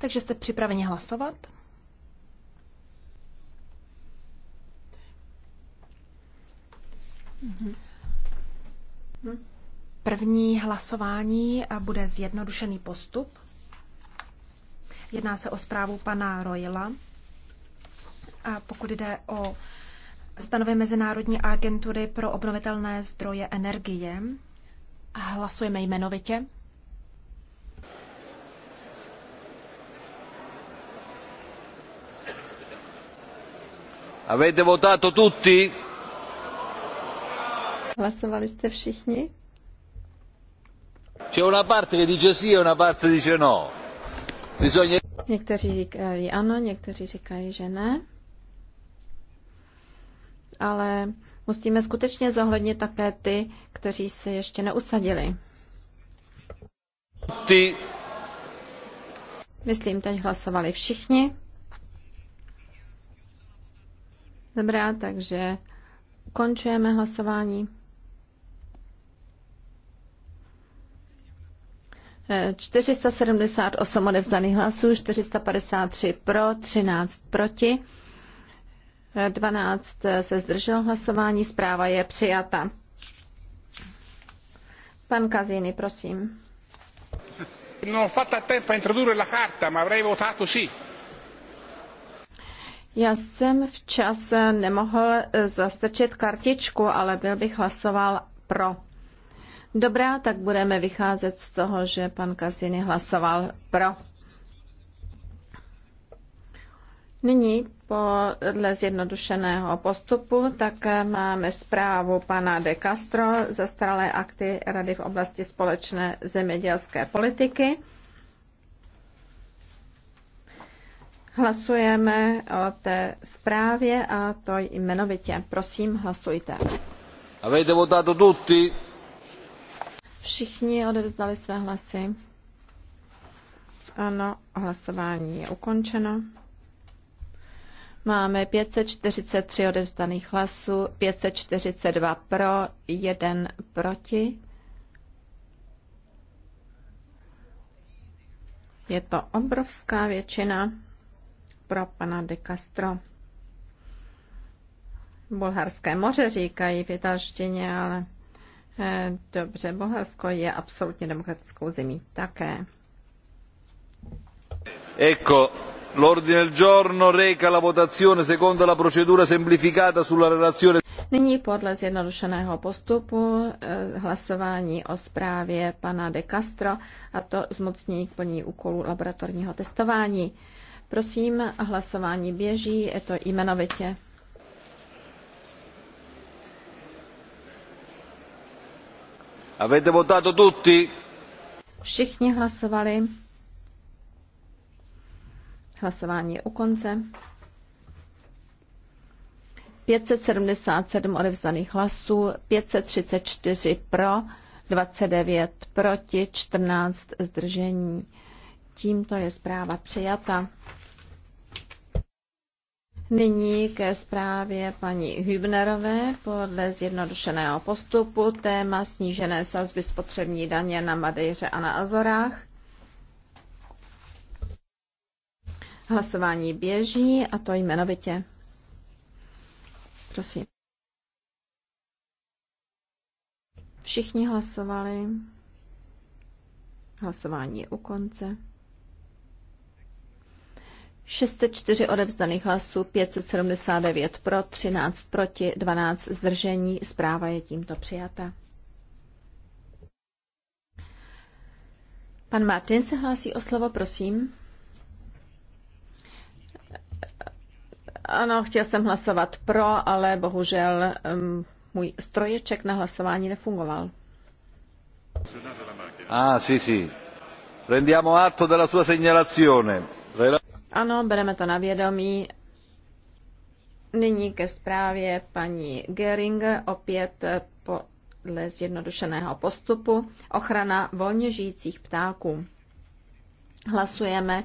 Takže jste připraveni hlasovat? První hlasování bude zjednodušený postup. Jedná se o zprávu pana Royla. A pokud jde o stanovy Mezinárodní agentury pro obnovitelné zdroje energie, hlasujeme jmenovitě. Avete votato tutti? Hlasovali jste všichni? C'è una parte che dice sì e una parte dice no. Bisogna... Někteří říkají ano, někteří říkají, že ne. Ale musíme skutečně zohlednit také ty, kteří se ještě neusadili. Ty. Myslím, teď hlasovali všichni. Dobrá, takže končujeme hlasování. 478 eh, odevzdaných hlasů, 453 pro, 13 proti, 12 eh, se zdrželo hlasování, zpráva je přijata. Pan Kazini, prosím. Non ho fatta a tempo a introdurre la carta, ma avrei votato sì. Já jsem včas nemohl eh, zastrčit kartičku, ale byl bych hlasoval pro. Dobrá, tak budeme vycházet z toho, že pan Kasiny hlasoval pro. Nyní podle zjednodušeného postupu tak eh, máme zprávu pana De Castro, zastaralé akty Rady v oblasti společné zemědělské politiky. Hlasujeme o té zprávě a to jmenovitě. Prosím, hlasujte. Avete votato tutti? Všichni odevzdali své hlasy. Ano, hlasování je ukončeno. Máme 543 odevzdaných hlasů, 542 pro, 1 proti. Je to obrovská většina pro pana de Castro. Bulharské moře říkají v italštině, ale eh, dobře, Bulharsko je absolutně demokratickou zemí také. Ecco, l'ordine del giorno reca la votazione secondo la procedura semplificata sulla relazione. Nyní podle zjednodušeného postupu eh, hlasování o zprávě pana de Castro a to zmocnění plní úkolů laboratorního testování. Prosím, hlasování běží, je to jmenovitě. Avete votato tutti? Všichni hlasovali. Hlasování je u konce. 577 odevzdaných hlasů, 534 pro, 29 proti, 14 zdržení. Tímto je zpráva přijata. Nyní ke zprávě paní Hübnerové podle zjednodušeného postupu téma snížené sazby spotřební daně na Madejře a na Azorách. Hlasování běží a to jmenovitě. Prosím. Všichni hlasovali. Hlasování je u konce. 604 odevzdaných hlasů, 579 pro, 13 proti, 12 zdržení. Zpráva je tímto přijata. Pan Martin se hlásí o slovo, prosím. Ano, chtěl jsem hlasovat pro, ale bohužel um, můj stroječek na hlasování nefungoval. Ah, sí, sí. Prendiamo atto della sua segnalazione. Ano, bereme to na vědomí. Nyní ke zprávě paní Geringer, opět podle zjednodušeného postupu, ochrana volně žijících ptáků. Hlasujeme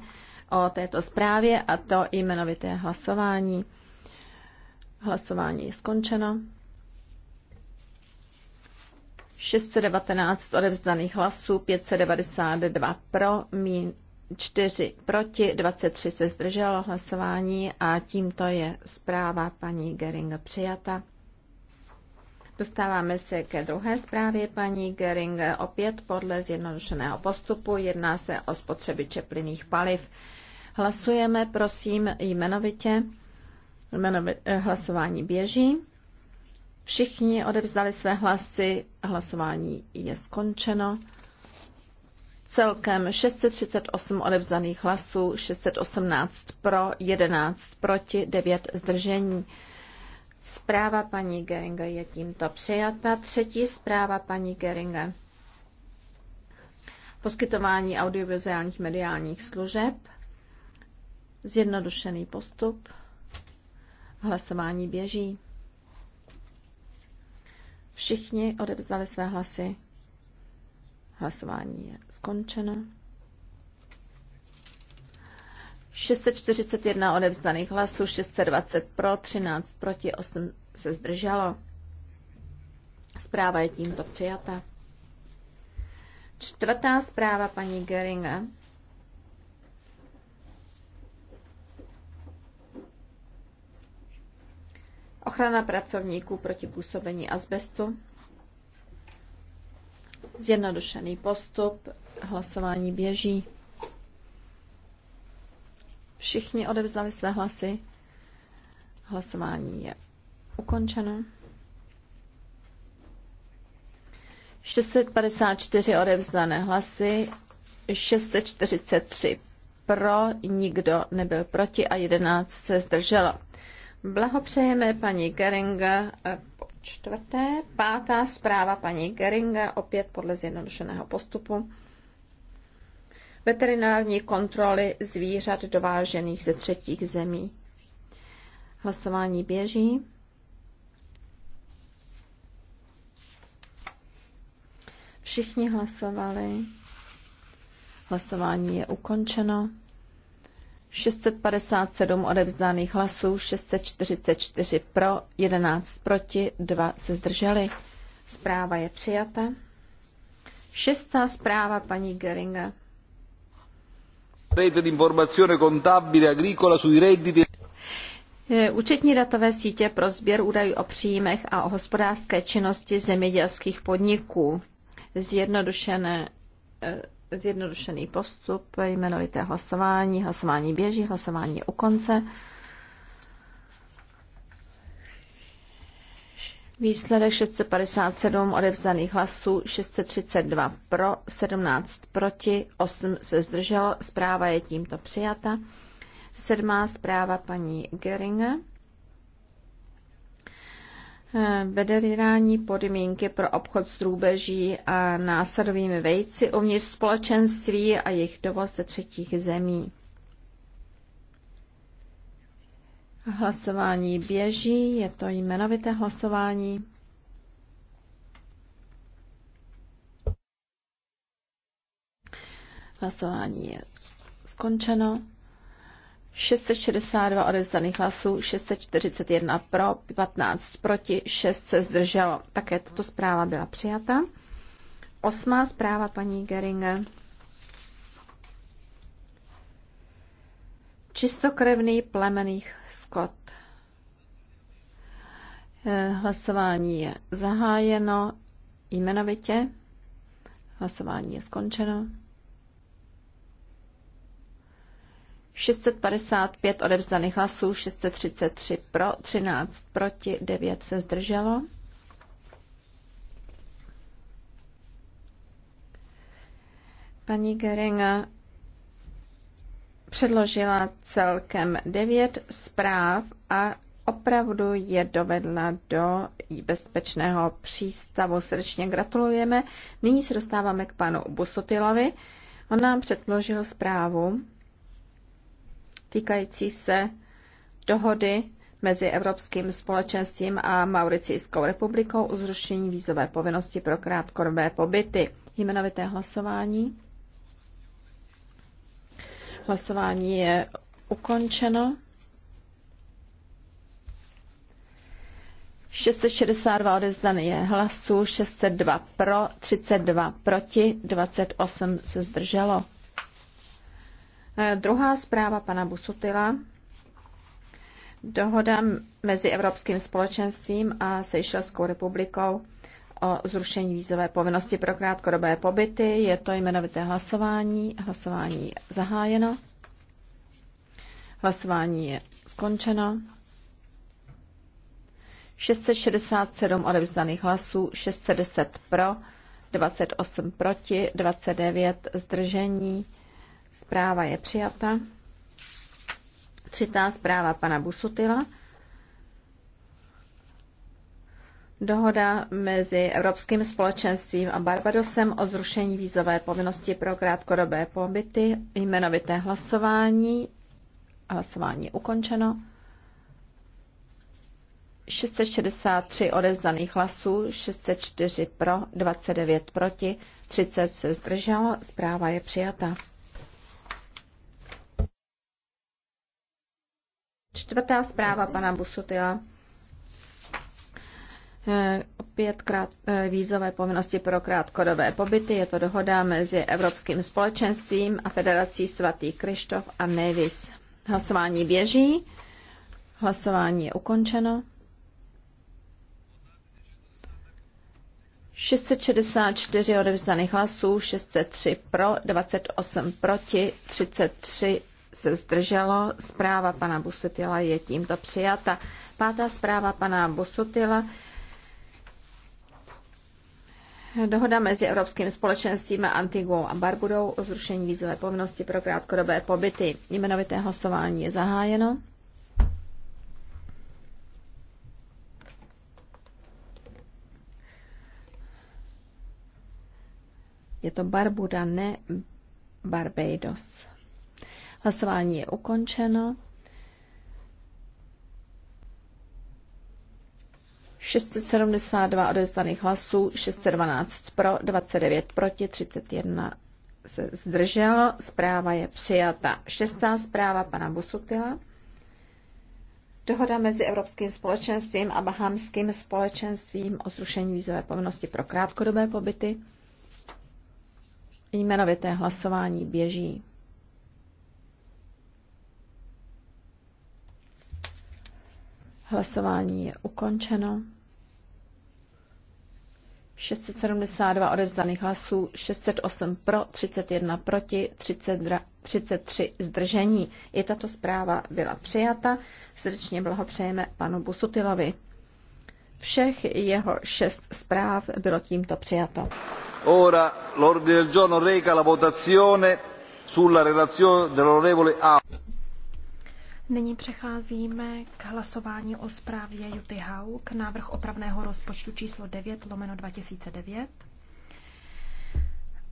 o této zprávě a to jmenovité hlasování. Hlasování je skončeno. 619 odevzdaných hlasů, 592 pro, mín, 4 proti, 23 se zdrželo hlasování a tímto je zpráva paní Gering přijata. Dostáváme se ke druhé zprávě paní Gering. Opět podle zjednodušeného postupu jedná se o spotřebiče plynných paliv. Hlasujeme, prosím, jmenovitě. Eh, hlasování běží. Všichni odevzdali své hlasy. Hlasování je skončeno. Celkem 638 odevzdaných hlasů, 618 pro, 11 proti, 9 zdržení. Zpráva paní Geringa je tímto přijata. Třetí zpráva paní Geringa. Poskytování audiovizuálních mediálních služeb. Zjednodušený postup. Hlasování běží. Všichni odevzdali své hlasy. Hlasování je skončeno. 641 odevzdaných hlasů, 620 pro, 13 proti, 8 se zdrželo. Zpráva je tímto přijata. Čtvrtá zpráva paní Geringa. Ochrana pracovníků proti působení asbestu. Zjednodušený postup, hlasování běží. Všichni odevzdali své hlasy. Hlasování je ukončeno. 654 odevzdané hlasy, 643 pro, nikdo nebyl proti a 11 se zdrželo. Blahopřejeme paní Geringa čtvrté. Pátá zpráva paní Geringa, opět podle zjednodušeného postupu. Veterinární kontroly zvířat dovážených ze třetích zemí. Hlasování běží. Všichni hlasovali. Hlasování je ukončeno. 657 odevzdaných hlasů, 644 pro, 11 proti, 2 se zdrželi. Zpráva je přijata. Šestá zpráva paní Geringa. agricola sui redditi. Eh, účetní datové sítě pro sběr údajů o příjmech a o hospodářské činnosti zemědělských podniků. Zjednodušené eh, zjednodušený postup, jmenovité hlasování, hlasování běží, hlasování je u konce. Výsledek 657 odevzdaných hlasů, 632 pro, 17 proti, 8 se zdrželo. Zpráva je tímto přijata. Sedmá zpráva paní Geringer. Eh, veterinární podmínky pro obchod s drůbeží a násadovými vejci uvnitř společenství a jejich dovoz ze třetích zemí. Hlasování běží, je to jmenovité hlasování. Hlasování je skončeno. 662 odevzdaných hlasů, 641 pro, 15 proti, 6 se zdrželo. Také tato zpráva byla přijata. Osmá zpráva paní Geringe. Čistokrevný plemený skot. Eh, hlasování je zahájeno jmenovitě. Hlasování je skončeno. 655 odevzdaných hlasů, 633 pro, 13 proti, 9 se zdrželo. Paní Geringa předložila celkem 9 zpráv a opravdu je dovedla do bezpečného přístavu. Srdečně gratulujeme. Nyní se dostáváme k panu Busotilovi. On nám předložil zprávu týkající se dohody mezi Evropským společenstvím a Mauricijskou republikou o zrušení vízové povinnosti pro krátkodobé pobyty. Jmenovité hlasování. Hlasování je ukončeno. 662 odezdaný je hlasů, 602 pro, 32 proti, 28 se zdrželo. Eh, druhá zpráva pana Busutila. Dohoda mezi Evropským společenstvím a Seychelskou republikou o zrušení vízové povinnosti pro krátkodobé pobyty. Je to jmenovité hlasování. Hlasování je zahájeno. Hlasování je skončeno. 667 odevzdaných hlasů, 610 pro, 28 proti, 29 zdržení. Zpráva je přijata. Třetá zpráva pana Busutila. Dohoda mezi Evropským společenstvím a Barbadosem o zrušení vízové povinnosti pro krátkodobé pobyty, jmenovité hlasování. Hlasování je ukončeno. 663 odevzdaných hlasů, 604 pro, 29 proti, 30 se zdrželo, zpráva je přijata. Čtvrtá zpráva pana Busutila. Eh, krát eh, vízové povinnosti pro krátkodobé pobyty. Je to dohoda mezi Evropským společenstvím a Federací svatý Krištof a Nevis. Hlasování běží. Hlasování je ukončeno. 664 odevzdaných hlasů, 603 pro, 28 proti, 33 se zdrželo. Zpráva pana Busutila je tímto přijata. Pátá zpráva pana Busutila. Dohoda mezi Evropským společenstvím a Antiguou a Barbudou o zrušení vízové povinnosti pro krátkodobé pobyty. Jmenovité hlasování je zahájeno. Je to Barbuda, ne Barbados. Hlasování je ukončeno. 672 odevzdaných hlasů, 612 pro, 29 proti, 31 se zdrželo. Zpráva je přijata. Šestá zpráva pana Busutila. Dohoda mezi Evropským společenstvím a Bahamským společenstvím o zrušení vízové povinnosti pro krátkodobé pobyty. Jmenovité hlasování běží. Hlasování je ukončeno. 672 odevzdaných hlasů, 608 pro, 31 proti, 32, 33 zdržení. I tato zpráva byla přijata. Srdečně blahopřejeme panu Busutilovi. Všech jeho šest zpráv bylo tímto přijato. Ora l'ordine del giorno reca la votazione sulla relazione dell'onorevole A. Nyní přecházíme k hlasování o zprávě Juty Hauk, návrh opravného rozpočtu číslo 9 lomeno 2009.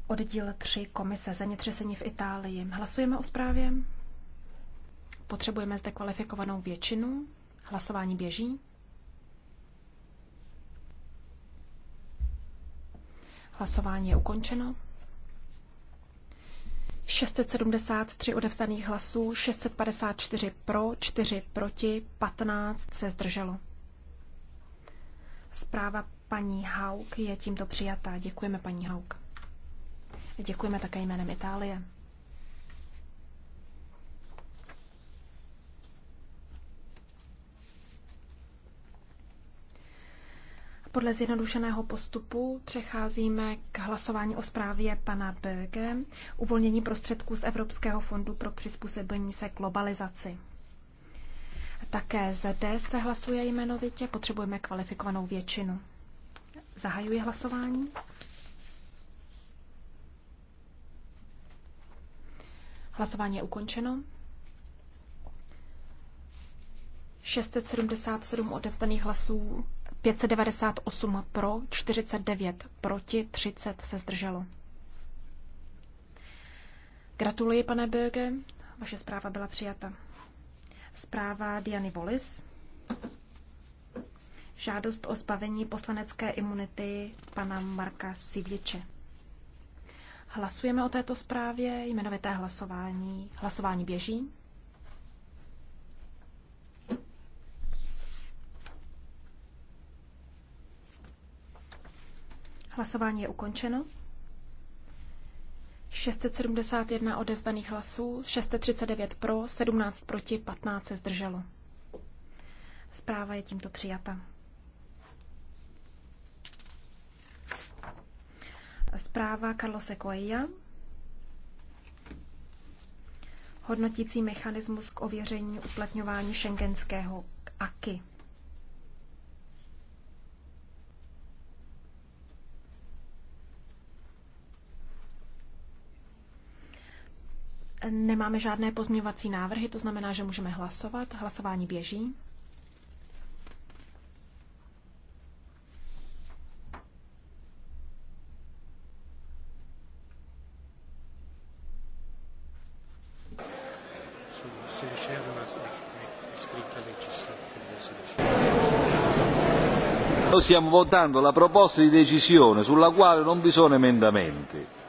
Oddíl 3 Komise zemětřesení v Itálii. Hlasujeme o zprávě. Potřebujeme zde kvalifikovanou většinu. Hlasování běží. Hlasování je ukončeno. 673 odevzdaných hlasů, 654 pro, 4 proti, 15 se zdrželo. Zpráva paní Hauk je tímto přijatá. Děkujeme paní Hauk. Děkujeme také jménem Itálie. Podle zjednodušeného postupu přecházíme k hlasování o zprávě pana Böge, uvolnění prostředků z Evropského fondu pro přizpůsobení se globalizaci. Také zde se hlasuje jmenovitě, potřebujeme kvalifikovanou většinu. Zahajuji hlasování. Hlasování je ukončeno. 677 odevzdaných hlasů 598 pro, 49 proti, 30 se zdrželo. Gratuluji, pane Böge, vaše zpráva byla přijata. Zpráva Diany Volis. Žádost o zbavení poslanecké imunity pana Marka Sivliče. Hlasujeme o této zprávě, jmenovité hlasování. Hlasování běží. Hlasování je ukončeno. 671 odezdaných hlasů, 639 pro, 17 proti, 15 se zdrželo. Zpráva je tímto přijata. Zpráva Carlose Coelha. Hodnotící mechanismus k ověření uplatňování šengenského AKY. Nemáme žádné pozměňovací návrhy, to znamená, že můžeme hlasovat. Hlasování běží. Noi stiamo votando la proposta di decisione sulla quale non vi sono emendamenti.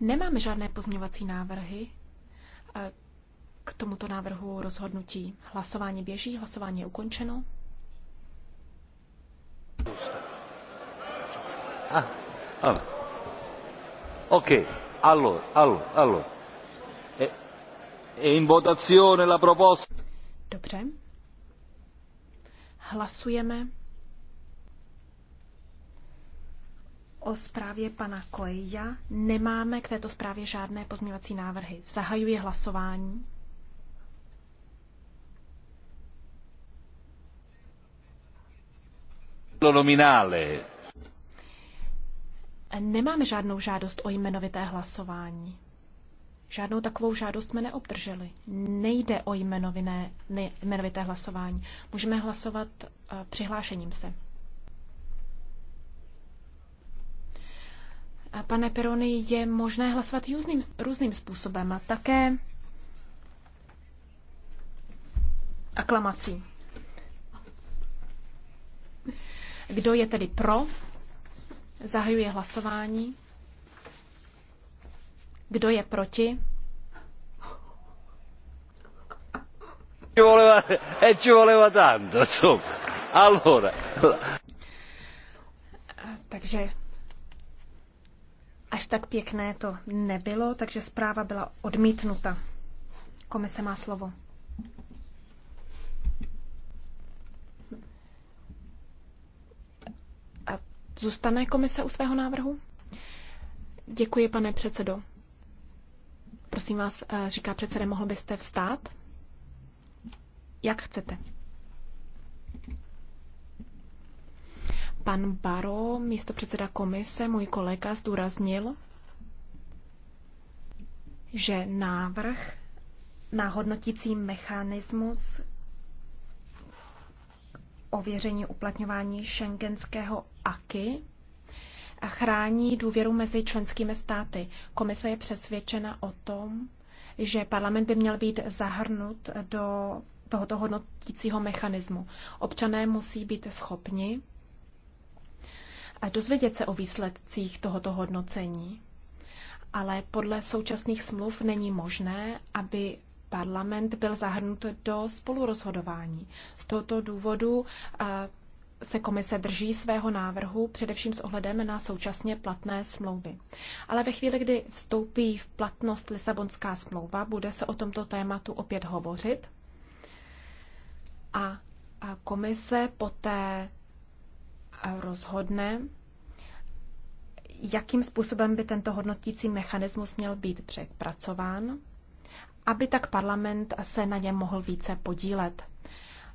Nemáme žádné pozměňovací návrhy eh, k tomuto návrhu rozhodnutí. Hlasování běží, hlasování je ukončeno. Ah, ah. Ok, allora, allora, allora. E, e in votazione la proposta. Dobře. Hlasujeme o zprávě pana Koeja. Nemáme k této zprávě žádné pozměňovací návrhy. Zahajuji hlasování. Nominale. Nemáme žádnou žádost o jmenovité hlasování. Žádnou takovou žádost jsme neobdrželi. Nejde o jmenovité hlasování. Můžeme hlasovat uh, přihlášením se. Pane Perony, je možné hlasovat různým, různým způsobem a také aklamací. Kdo je tedy pro? Zahajuje hlasování. Kdo je proti? Eh, takže Až tak pěkné to nebylo, takže zpráva byla odmítnuta. Komise má slovo. A zůstane komise u svého návrhu? Děkuji, pane předsedo. Prosím vás, eh, říká předseda, mohl byste vstát? Jak chcete. Pan Baro, místo předseda komise, můj kolega, zdůraznil, že návrh na hodnotící mechanismus ověření uplatňování šengenského AKY a chrání důvěru mezi členskými státy. Komise je přesvědčena o tom, že parlament by měl být zahrnut do tohoto hodnotícího mechanismu. Občané musí být schopni a dozvědět se o výsledcích tohoto hodnocení. Ale podle současných smluv není možné, aby parlament byl zahrnut do spolurozhodování. Z tohoto důvodu se komise drží svého návrhu především s ohledem na současně platné smlouvy. Ale ve chvíli, kdy vstoupí v platnost Lisabonská smlouva, bude se o tomto tématu opět hovořit a komise poté rozhodne, jakým způsobem by tento hodnotící mechanismus měl být přepracován, aby tak parlament se na něm mohl více podílet.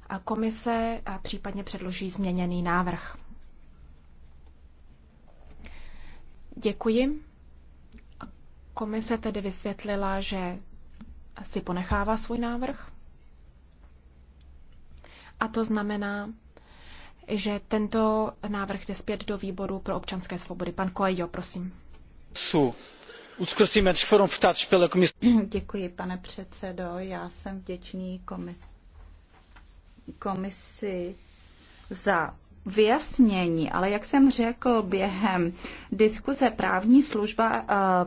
A komise případně předloží změněný návrh. Děkuji. Komise tedy vysvětlila, že si ponechává svůj návrh. A to znamená, že tento návrh jde zpět do výboru pro občanské svobody. Pan Koejo, prosím. Děkuji, pane předsedo. Já jsem vděčný komis- komisi za vyjasnění, ale jak jsem řekl během diskuze, právní služba eh,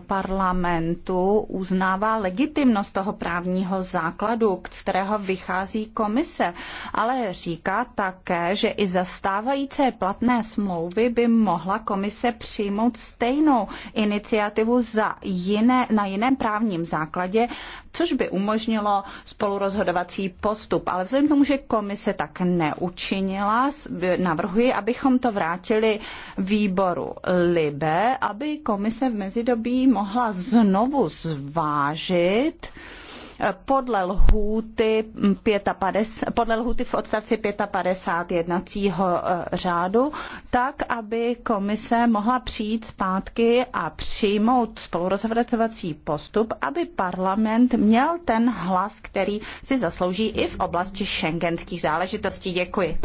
parlamentu uznává legitimnost toho právního základu, z kterého vychází komise, ale říká také, že i zastávající platné smlouvy by mohla komise přijmout stejnou iniciativu za jiné, na jiném právním základě, což by umožnilo spolurozhodovací postup. Ale vzhledem k tomu, že komise tak neučinila, navrhuje navrhuji, abychom to vrátili výboru Libe, aby komise v mezidobí mohla znovu zvážit, podle lhůty, 55, podle lhůty v odstavci 55 jednacího e, řádu, tak, aby komise mohla přijít zpátky a přijmout spolurozhodovací postup, aby parlament měl ten hlas, který si zaslouží i v oblasti šengenských záležitostí. Děkuji.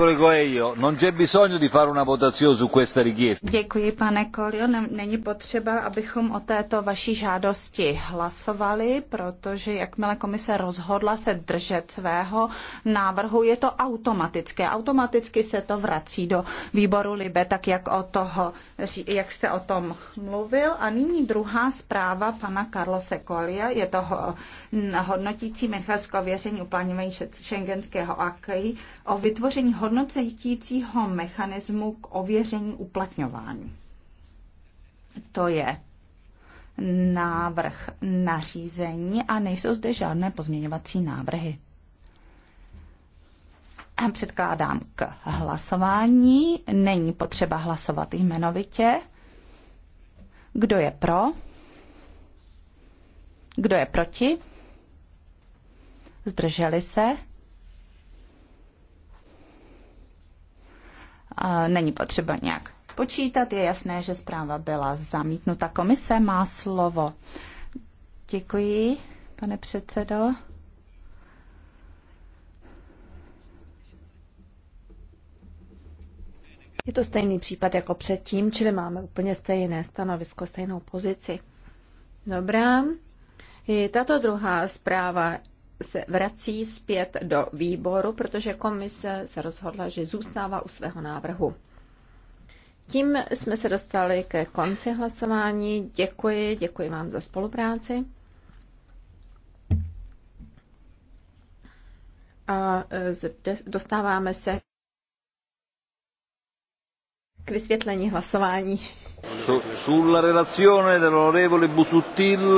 Děkuji, pane Kolio. Není potřeba, abychom o této vaší žádosti hlasovali, protože jakmile komise rozhodla se držet svého návrhu, je to automatické. Automaticky se to vrací do výboru Libe, tak jak, o toho, jak jste o tom mluvil. A nyní druhá zpráva pana Carlose Colia, je to hodnotící mechanizmus věření uplánění šengenského AKI o vytvoření hodnotícího mechanismu k ověření uplatňování. To je návrh nařízení a nejsou zde žádné pozměňovací návrhy. Předkládám k hlasování. Není potřeba hlasovat jmenovitě. Kdo je pro? Kdo je proti? Zdrželi se? Není potřeba nějak počítat. Je jasné, že zpráva byla zamítnuta. Komise má slovo. Děkuji, pane předsedo. Je to stejný případ jako předtím, čili máme úplně stejné stanovisko, stejnou pozici. Dobrá. I tato druhá zpráva se vrací zpět do výboru, protože komise se rozhodla, že zůstává u svého návrhu. Tím jsme se dostali ke konci hlasování. Děkuji, děkuji vám za spolupráci. A e, zde dostáváme se k vysvětlení hlasování. Sulla relazione dell'onorevole Busuttil